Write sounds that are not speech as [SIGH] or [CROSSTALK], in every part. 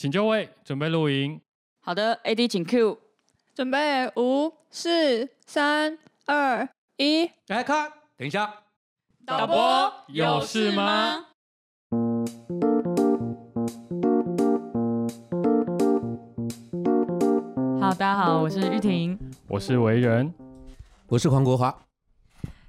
請就位，準備錄音。好的，AD 請 Q，準備五、四、三、二、一，開看，等一下，導播有事嗎？好，大家好，我是玉婷，我是唯仁，我是黃國華。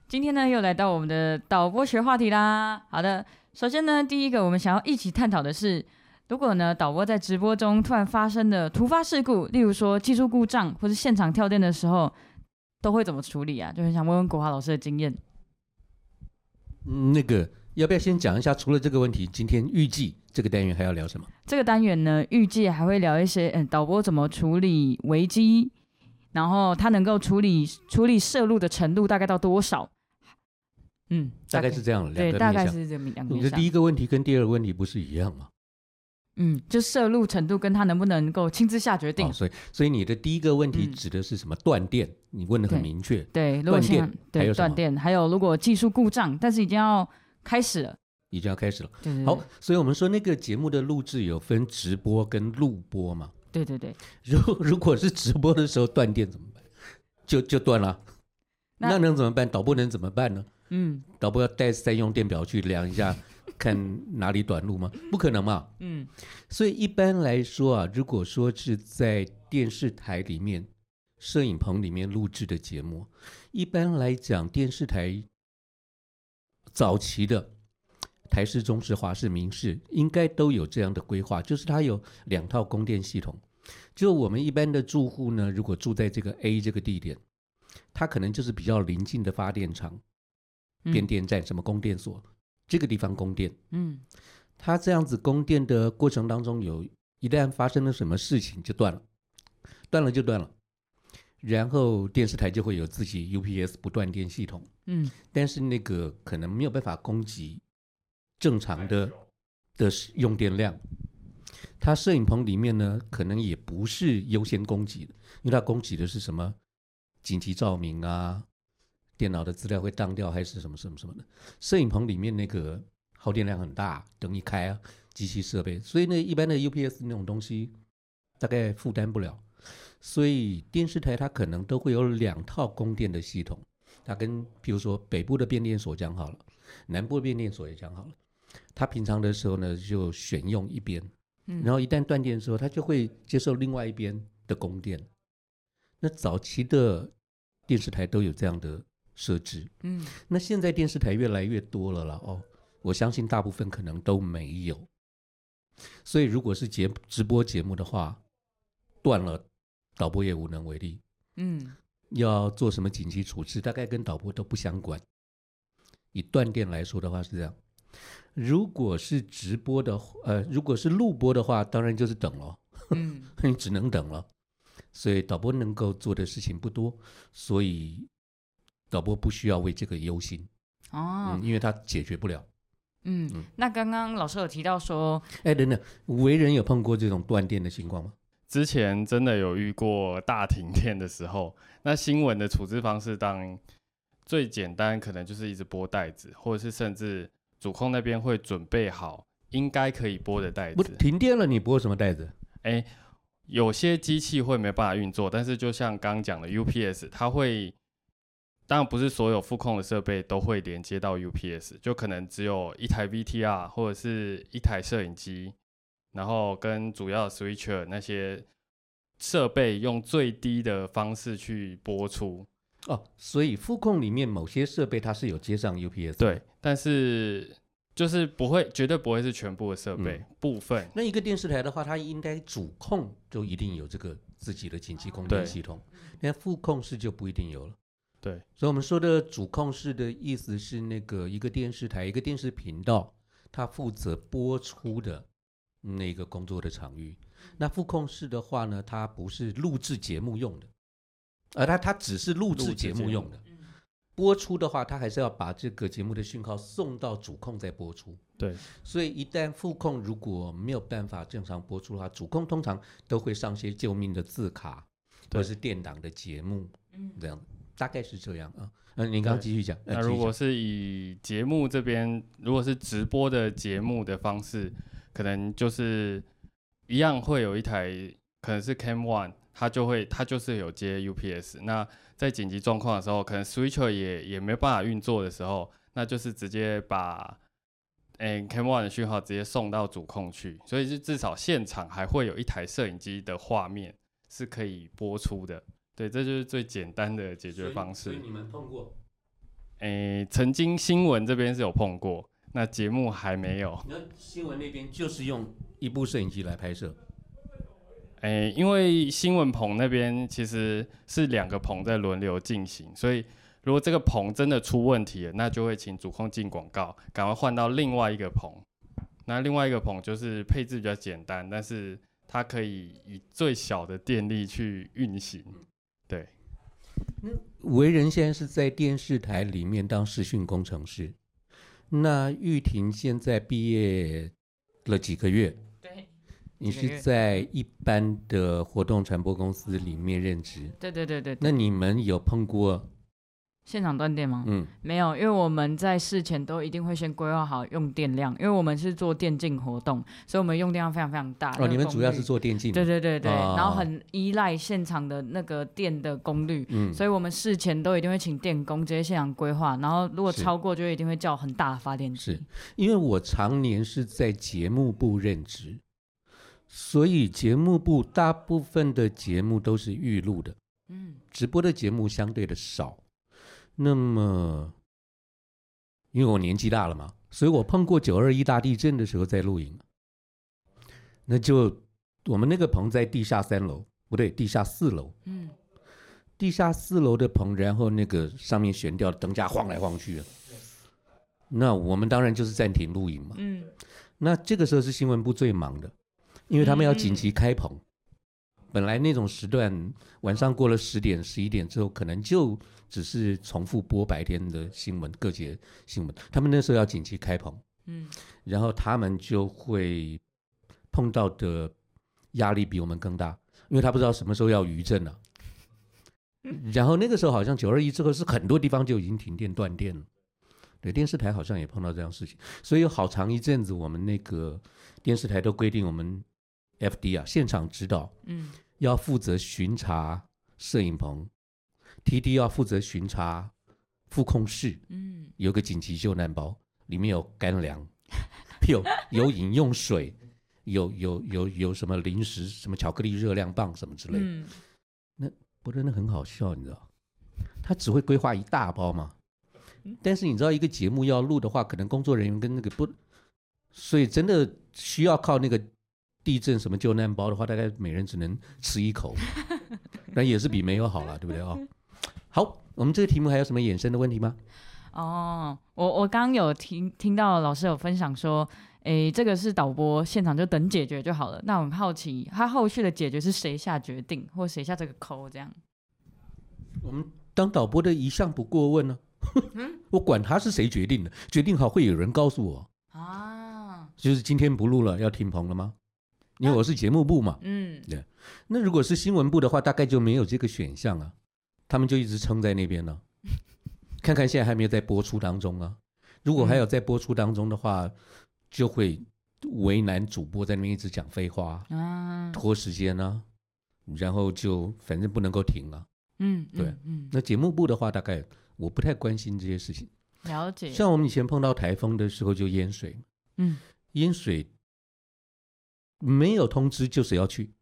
今天呢，又來到我們的導播學話題啦。好的，首先呢，第一個我們想要一起探討的是。如果呢，導播在直播中突然發生的突發事故，例如說技術故障或是現場跳電的時候，都會怎麼處理啊？就很想問問國華老師的經驗。嗯，那個要不要先講一下？除了這個問題，今天預計這個單元還要聊什麼？這個單元呢，預計還會聊一些，嗯、欸，導播怎麼處理危機，然後他能夠處理處理涉入的程度大概到多少？嗯，大概，大概是這樣兩個面向。對，大概是這兩個面向。你的第一個問題跟第二個問題不是一樣嗎？嗯，就涉入程度跟他能不能夠親自下決定，哦、所以所以你的第一個問題指的是什麼？嗯，斷電，你問的很明確。對，斷電對還有斷電，還有如果技術故障，但是已經要開始了，已經要開始了。對對對，好，所以我們說那個節目的錄製有分直播跟錄播嘛？對對對。如果如果是直播的時候斷電怎麼辦？就就斷了，那，那能怎麼辦？導播能怎麼辦呢？嗯，導播要帶三用電表去量一下。看哪裡短路嗎？不可能嘛。嗯，所以一般來說啊，如果說是在電視台裡面，攝影棚裡面錄制的節目，一般來講，電視台早期的台視、中視、華視、民視應該都有這樣的規劃，就是它有兩套供電系統。就我們一般的住戶呢，如果住在這個 A 這個地點，它可能就是比較臨近的發電廠、變電站、什麼供電所。嗯這個地方供電，嗯，它這樣子供電的過程當中，有，一旦發生了什麼事情就斷了，斷了就斷了，然後電視台就會有自己 UPS 不斷電系統，嗯，但是那個可能沒有辦法供給正常的的用電量，它攝影棚裡面呢，可能也不是優先供給，因為它供給的是什麼緊急照明啊。電腦的資料會當掉還是什麼什麼什麼的？攝影棚裡面那個耗電量很大，燈一開啊，機器設備，所以呢，一般的 UPS 那種東西大概負擔不了，所以電視台它可能都會有兩套供電的系統，它跟比如說北部的變電所講好了，南部變電所也講好了，它平常的時候呢就選用一邊，然後一旦斷電的時候，它就會接受另外一邊的供電。那早期的電視台都有這樣的設置，嗯，那現在電視台越來越多了啦，哦，我相信大部分可能都沒有，所以如果是節直播節目的話，斷了，導播也無能為力，嗯，要做什麼緊急處置，大概跟導播都不相關。以斷電來說的話是這樣，如果是直播的話，呃，如果是錄播的話，當然就是等了，嗯呵呵，只能等了，所以導播能夠做的事情不多，所以，導播不需要為這個憂心哦、嗯，因為它解決不了。嗯，嗯，那剛剛老師有提到說，哎，等等，唯仁有碰過這種斷電的情況嗎？之前真的有遇過大停電的時候，那新聞的處置方式，當最簡單可能就是一直播帶子，或者是甚至主控那邊會準備好應該可以播的帶子。停電了，你播什麼帶子？哎、欸，有些機器會沒辦法運作，但是就像剛剛講的 UPS，它會。當然不是所有副控的設備都會連接到 UPS，就可能只有一台 VTR 或者是一台攝影機，然後跟主要 Switcher 那些設備用最低的方式去播出。哦，所以副控裡面某些設備它是有接上 UPS。對，欸、但是就是不會，絕對不會是全部的設備，嗯、部分。那一個電視台的話，它應該主控就一定有這個自己的緊急供電系統，那副、嗯、控是就不一定有了。對，所以我們說的主控室的意思是那個一個電視台一個電視頻道，它負責播出的那個工作的場域。嗯、那副控室的話呢，它不是錄製節目用的，而它它只是錄製節目用的。用的嗯、播出的話，它還是要把這個節目的訊號送到主控再播出。對，所以一旦副控如果沒有辦法正常播出的話，主控通常都會上些救命的字卡，或是墊檔的節目，嗯對，這樣。大概是這樣啊，那您剛剛繼續講。那如果是以節目這邊，如果是直播的節目的方式，可能就是一樣會有一台，可能是 Cam One，它就會它就是有接 UPS。那在緊急狀況的時候，可能 Switcher 也也沒辦法運作的時候，那就是直接把、欸、Cam One 的訊號直接送到主控去，所以是至少現場還會有一台攝影機的畫面是可以播出的。對，這就是最簡單的解決方式。所以，所以你們碰過？欸，曾經新聞這邊是有碰過，那節目還沒有。那新聞那邊就是用一部攝影機來拍攝。欸，因為新聞棚那邊其實是兩個棚在輪流進行，所以如果這個棚真的出問題了，那就會請主控進廣告，趕快換到另外一個棚。那另外一個棚就是配置比較簡單，但是它可以以最小的電力去運行。那唯仁，嗯，現在是在電視台裡面當視訊工程師，那玉婷現在畢業了幾個月？對，你是在一般的活動傳播公司裡面任職？對,對對對對。那你們有碰過？現場斷電嗎？嗯，沒有，因為我們在事前都一定會先規劃好用電量，因為我們是做電競活動，所以我們用電量非常非常大。哦，你們主要是做電競？對對對對，哦，然後很依賴現場的那個電的功率，哦，所以我們事前都一定會請電工直接現場規劃，嗯，然後如果超過就一定會叫很大的發電機。是因為我常年是在節目部任職，所以節目部大部分的節目都是預錄的，嗯，直播的節目相對的少。那麼，因為我年紀大了嘛，所以我碰過九二一大地震的時候在錄影。那就我們那個棚在地下三樓，不對，地下四樓。嗯，地下四樓的棚，然後那個上面懸吊的燈架晃來晃去啊，那我們當然就是暫停錄影嘛。嗯，那這個時候是新聞部最忙的，因為他們要緊急開棚。嗯嗯本來那種時段，晚上過了十點、十一點之後，可能就只是重複播白天的新聞、各節新聞。他們那時候要緊急開棚，嗯，然後他們就會碰到的壓力比我們更大，因為他不知道什麼時候要餘震了啊。嗯，然後那個時候好像九二一之後是很多地方就已經停電斷電了，對，電視台好像也碰到這樣事情，所以好長一陣子我們那個電視台都規定我們。F D 啊，現場指導，嗯，要負責巡查攝影棚，T D 要負責巡查副控室，嗯，有個緊急救難包，裡面有乾糧，有有飲用水， [LAUGHS] 有有有有什麼零食，什麼巧克力、熱量棒什麼之類的，嗯，那不真的很好笑，你知道，他只會規劃一大包嘛，但是你知道一個節目要錄的話，可能工作人員跟那個不，所以真的需要靠那個。地震什麼救難包的話，大概每人只能吃一口，那也是比沒有好了， [LAUGHS] 對不對啊？Oh. 好，我們這個題目還有什麼衍生的問題嗎？哦、oh,，我我剛剛有聽聽到老師有分享說，誒，這個是導播現場就等解決就好了。那我很好奇，他後續的解決是誰下決定，或誰下這個 call 這樣？我們當導播的一向不過問呢、啊，嗯、我管他是誰決定的，決定好會有人告訴我啊，oh. 就是今天不錄了，要停棚了嗎？因為我是節目部嘛，嗯，對，那如果是新聞部的話，大概就沒有這個選項啊，他們就一直撐在那邊呢、啊， [LAUGHS] 看看現在還沒有在播出當中啊。如果還有在播出當中的話，嗯、就會為難主播在那邊一直講廢話啊，拖時間啊，然後就反正不能夠停啊。嗯，對，嗯嗯、那節目部的話，大概我不太關心這些事情。了解。像我們以前碰到台風的時候就淹水，嗯，淹水。沒有通知就是要去，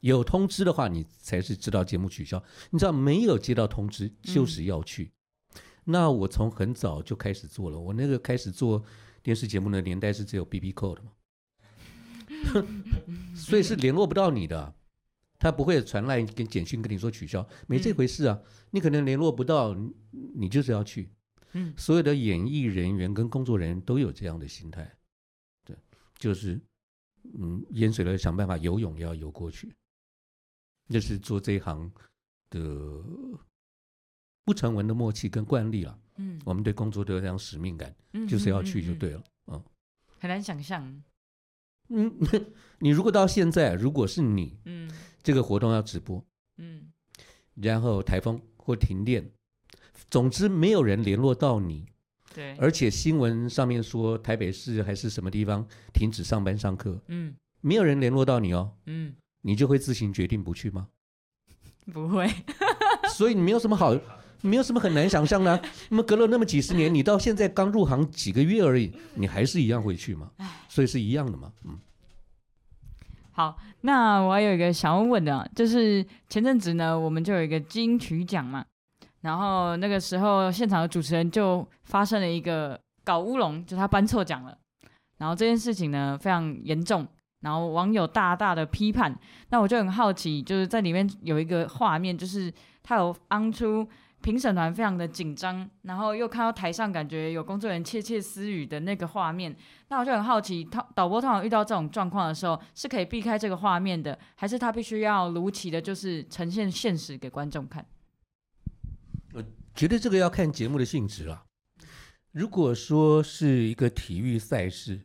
有通知的話你才是知道節目取消。你知道沒有接到通知就是要去。嗯、那我從很早就開始做了，我那個開始做電視節目的年代是只有 B B Code 嘛， [LAUGHS] 所以是聯絡不到你的，他不會傳 Line 跟簡訊跟你說取消，沒這回事啊。嗯、你可能聯絡不到，你就是要去。嗯、所有的演藝人員跟工作人員都有這樣的心態，對，就是。嗯，淹水了，想辦法游泳也要游過去，那、就是做這一行的不成文的默契跟慣例了。嗯，我們對工作都有這樣使命感，就是要去就對了。嗯，很難想象。嗯，你如果到現在，如果是你，嗯，這個活動要直播，嗯，然後台風或停電，總之沒有人聯絡到你。對，而且新聞上面說台北市還是什麼地方停止上班上課，嗯，沒有人聯絡到你哦，嗯，你就會自行決定不去嗎？不會， [LAUGHS] 所以你沒有什麼好，沒有什麼很難想象呢。那麼 [LAUGHS] 隔了那麼幾十年，你到現在剛入行幾個月而已， [LAUGHS] 你還是一樣會去嗎？所以是一樣的嘛，嗯。好，那我還有一個想問問的，就是前陣子呢，我們就有一個金曲獎嘛。然後那個時候，現場的主持人就發生了一個搞烏龍，就是、他頒錯獎了。然後這件事情呢，非常嚴重，然後網友大大的批判。那我就很好奇，就是在裡面有一個畫面，就是他有當初評審團非常的緊張，然後又看到台上感覺有工作人員竊竊私語的那個畫面。那我就很好奇，他導播通常遇到這種狀況的時候，是可以避開這個畫面的，還是他必須要如期的，就是呈現現實給觀眾看？覺得這個要看節目的性質了、啊。如果說是一個體育賽事，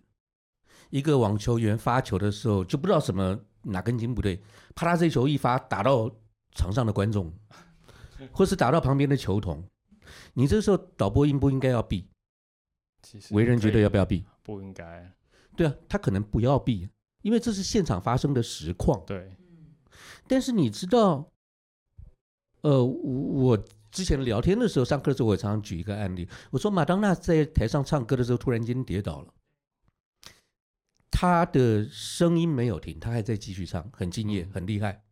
一個網球員發球的時候就不知道什麼哪根筋不對，啪噠，這球一發打到場上的觀眾，或是打到旁邊的球童，你這時候導播應不應該要避？其實，唯仁覺得要不要避？不應該。對啊，他可能不要避，因為這是現場發生的實況。對。但是你知道，呃，我。之前聊天的時候，上課的時候，我常常舉一個案例。我說，瑪丹娜在台上唱歌的時候，突然間跌倒了，她的聲音沒有停，她還在繼續唱，很敬業，很厲害。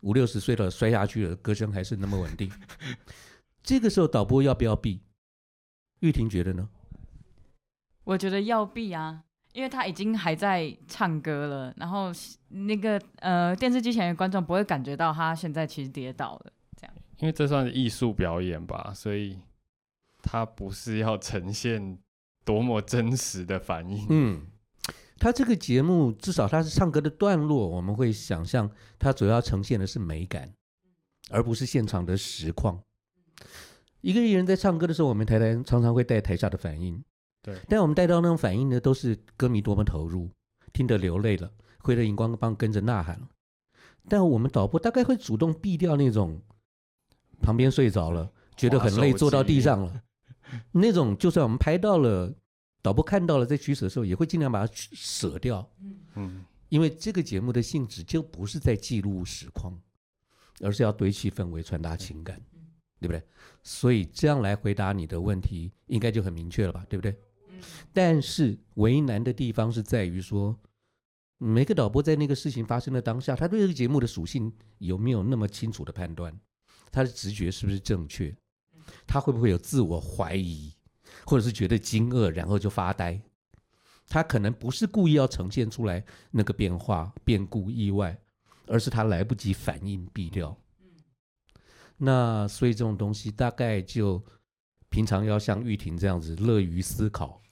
五六十歲了，摔下去了，歌聲還是那麼穩定。 [LAUGHS] 這個時候，導播要不要避？玉婷覺得呢？我覺得要避啊，因為她已經還在唱歌了，然後那個呃，電視機前的觀眾不會感覺到她現在其實跌倒了。因為這算是藝術表演吧，所以它不是要呈現多麼真實的反應。嗯，他這個節目至少他是唱歌的段落，我們會想象他主要呈現的是美感，而不是現場的實況。一個藝人在唱歌的時候，我們台台常常會帶台下的反應。對，但我們帶到那種反應呢，都是歌迷多麼投入，聽得流淚了，揮着熒光棒跟着吶喊了。但我們導播大概會主動避掉那種。旁邊睡着了，覺得很累，坐到地上了。那種就算我們拍到了，導播看到了，在取捨的時候也會盡量把它捨掉。嗯，因為這個節目的性質就不是在記錄實況，而是要堆砌氛圍、傳達情感，嗯、對不對？所以這樣來回答你的問題，應該就很明確了吧？對不對？嗯、但是為難的地方是在於說，每個導播在那個事情發生的當下，他對這個節目的屬性有沒有那麼清楚的判斷？他的直覺是不是正確？他會不會有自我懷疑，或者是覺得驚愕，然後就發呆？他可能不是故意要呈現出來那個變化、變故、意外，而是他來不及反應，避掉。那所以這種東西大概就平常要像玉婷這樣子，樂於思考，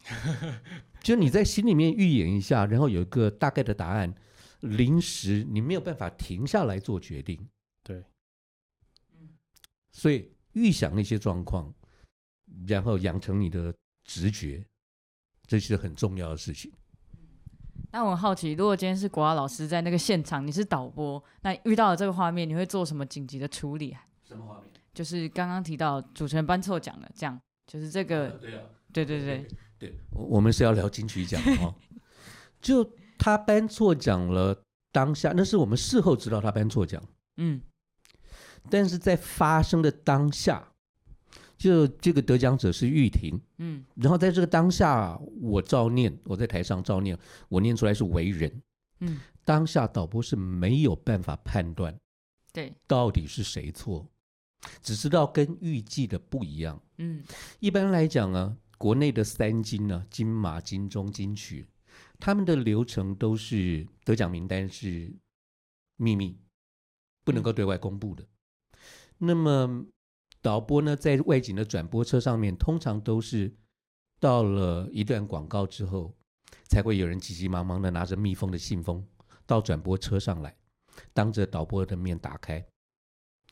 就你在心裡面預演一下，然後有一個大概的答案，臨時你沒有辦法停下來做決定。所以預想那些狀況，然後養成你的直覺，這是很重要的事情。那我很好奇，如果今天是國華老師在那個現場，你是導播，那遇到了這個畫面，你會做什麼緊急的處理？什麼畫面？就是剛剛提到主持人頒錯獎了，這樣就是這個。啊對啊。對對對。Okay, 對，對我們是要聊金曲獎哦。就他頒錯獎了，當下那是我們事後知道他頒錯獎。嗯。但是在發生的當下，就這個得獎者是玉婷，嗯，然後在這個當下，我照念，我在台上照念，我念出來是唯仁，嗯，當下導播是沒有辦法判斷，對，到底是誰錯，對，只知道跟預計的不一樣，嗯，一般來講呢，國內的三金呢，金馬、金鐘、金曲，他們的流程都是得獎名單是祕密，不能夠對外公布的。嗯那麼，導播呢，在外景的轉播車上面，通常都是到了一段廣告之後，才會有人急急忙忙的拿着密封的信封到轉播車上來，當着導播的面打開，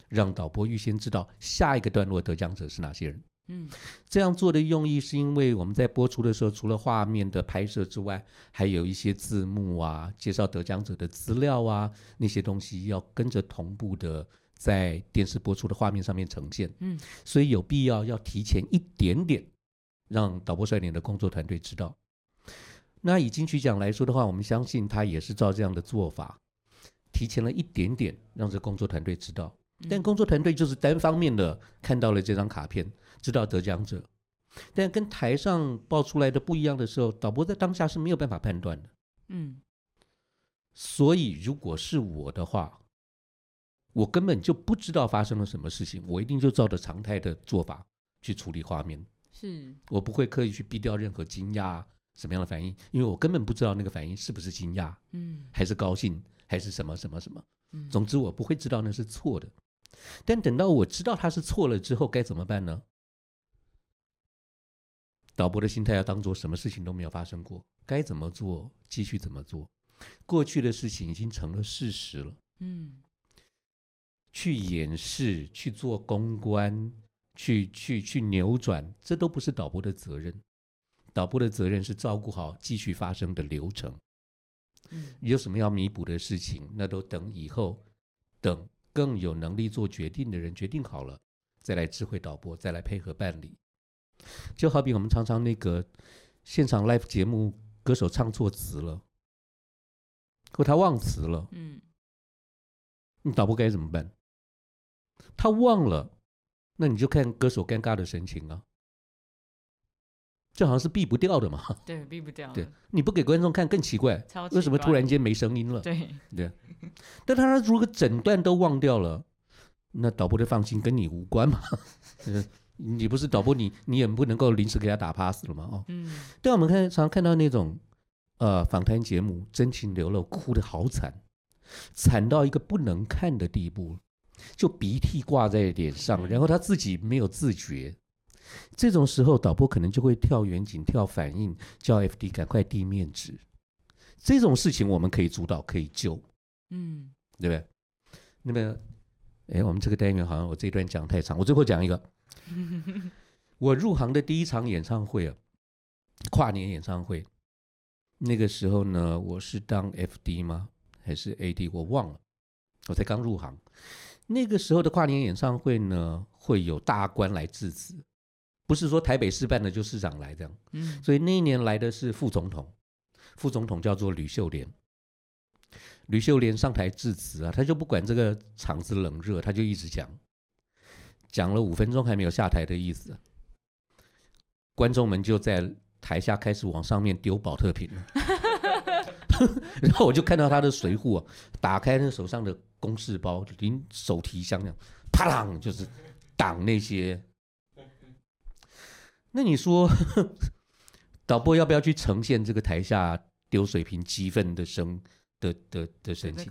讓導播預先知道下一個段落得獎者是哪些人。嗯，這樣做的用意是因為我們在播出的時候，除了畫面的拍攝之外，還有一些字幕啊、介紹得獎者的資料啊那些東西要跟着同步的。在電視播出的畫面上面呈現，嗯，所以有必要要提前一點點，讓導播率領的工作團隊知道。那以金曲獎來說的話，我們相信他也是照這樣的做法，提前了一點點讓這工作團隊知道。但工作團隊就是單方面的看到了這張卡片，知道得獎者，但跟台上報出來的不一樣的時候，導播在當下是沒有辦法判斷的，嗯。所以如果是我的話。我根本就不知道發生了什麼事情，我一定就照着常態的做法去處理畫面。是，我不會刻意去避掉任何驚訝什麼樣的反應，因為我根本不知道那個反應是不是驚訝，嗯，還是高興，還是什麼什麼什麼。總之我不會知道那是錯的。嗯。但等到我知道他是錯了之後，該怎麼辦呢？導播的心態要當做什麼事情都沒有發生過，該怎麼做繼續怎麼做，過去的事情已經成了事實了。嗯。去掩飾，去做公關，去去去扭轉，這都不是導播的責任。導播的責任是照顧好繼續發生的流程。嗯，有什麼要彌補的事情，那都等以後，等更有能力做決定的人決定好了，再來指揮導播，再來配合辦理。就好比我們常常那個現場 live 節目，歌手唱錯詞了，或他忘詞了，嗯，你導播該怎麼辦？他忘了，那你就看歌手尷尬的神情啊，這好像是避不掉的嘛。對，避不掉。對，你不給觀眾看更奇怪。為什麼突然間沒聲音了？對對，但他如果整段都忘掉了，那導播的放心跟你無關嘛。 [LAUGHS] 你不是導播你，你你也不能夠臨時給他打 pass 了嘛？哦。但、嗯、我們看常，常看到那種呃訪談節目真情流露，哭得好慘，慘到一個不能看的地步。就鼻涕掛在臉上，然後他自己沒有自覺，這種時候導播可能就會跳遠景、跳反應，叫 F D 趕快遞面紙。這種事情我們可以主導，可以救，嗯，對不對？那麼，哎，我們這個單元好像我這段講太長，我最後講一個， [LAUGHS] 我入行的第一場演唱會啊，跨年演唱會，那個時候呢，我是當 F D 嗎？還是 A D？我忘了，我才剛入行。那個時候的跨年演唱會呢，會有大官來致辭，不是說台北市辦的就市長來這樣，嗯，所以那一年來的是副總統，副總統叫做呂秀蓮，呂秀蓮上台致辭啊，他就不管這個場子冷熱，他就一直講，講了五分鐘還沒有下台的意思，觀眾們就在台下開始往上面丟保特瓶了。 [LAUGHS] [LAUGHS] 然後我就看到他的隨扈啊，打開那手上的公事包，拎手提箱一樣，啪啷，就是擋那些。那你說，導播要不要去呈現這個台下丟水瓶、激憤的聲的的的神情？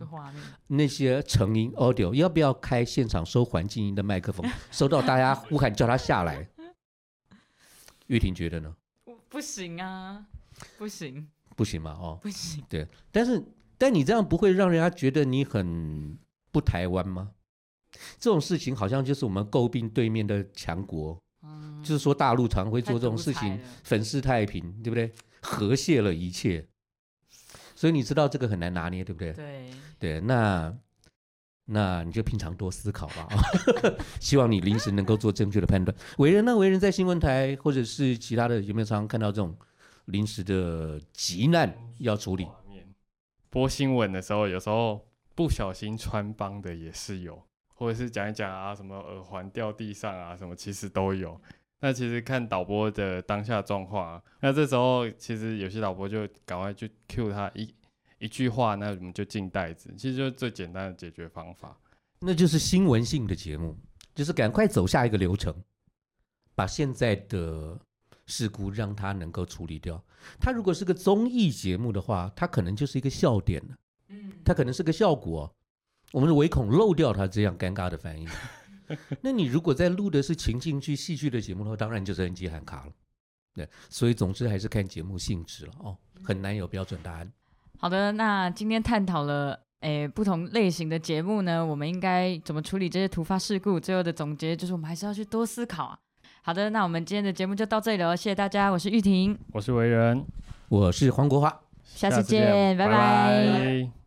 那些成音 audio 要不要開現場收環境音的麥克風， [LAUGHS] 收到大家呼喊叫他下來？玉 [LAUGHS] 婷覺得呢？我不行啊，不行。不行嘛？哦，不行。對，但是，但你這樣不會讓人家覺得你很不台灣嗎？這種事情好像就是我們詬病對面的強國，嗯、就是說大陸常會做這種事情，粉飾太平，對，對，對不對？河蟹了一切，所以你知道這個很難拿捏，對不對？對對，那那你就平常多思考吧、 [LAUGHS] 哦。希望你臨時能夠做正確的判斷。唯仁呢，唯仁在新聞台或者是其他的有沒有常，常看到這種？臨時的急難要處理，播新聞的時候，有時候不小心穿幫的也是有，或者是講一講啊，什麼耳環掉地上啊，什麼其實都有。那其實看導播的當下狀況啊，那這時候其實有些導播就趕快去 cue 他一一句話，那我們就進袋子，其實就是最簡單的解決方法，那就是新聞性的節目，就是趕快走下一個流程，把現在的。事故讓他能夠處理掉。他如果是個綜藝節目的話，他可能就是一個笑點了。嗯，他可能是個效果。我們的唯恐漏掉他這樣尷尬的反應。 [LAUGHS] 那你如果在錄的是情境劇、戲劇的節目的話，當然就是 NG 喊卡了。對，所以總之還是看節目性質了哦，很難有標準答案。嗯、好的，那今天探討了誒不同類型的節目呢，我們應該怎麼處理這些突發事故？最後的總結就是，我們還是要去多思考啊。好的，那我們今天的節目就到這裡了，謝謝大家。我是玉婷，我是唯仁，我是黃國華，下次見，拜拜。拜拜。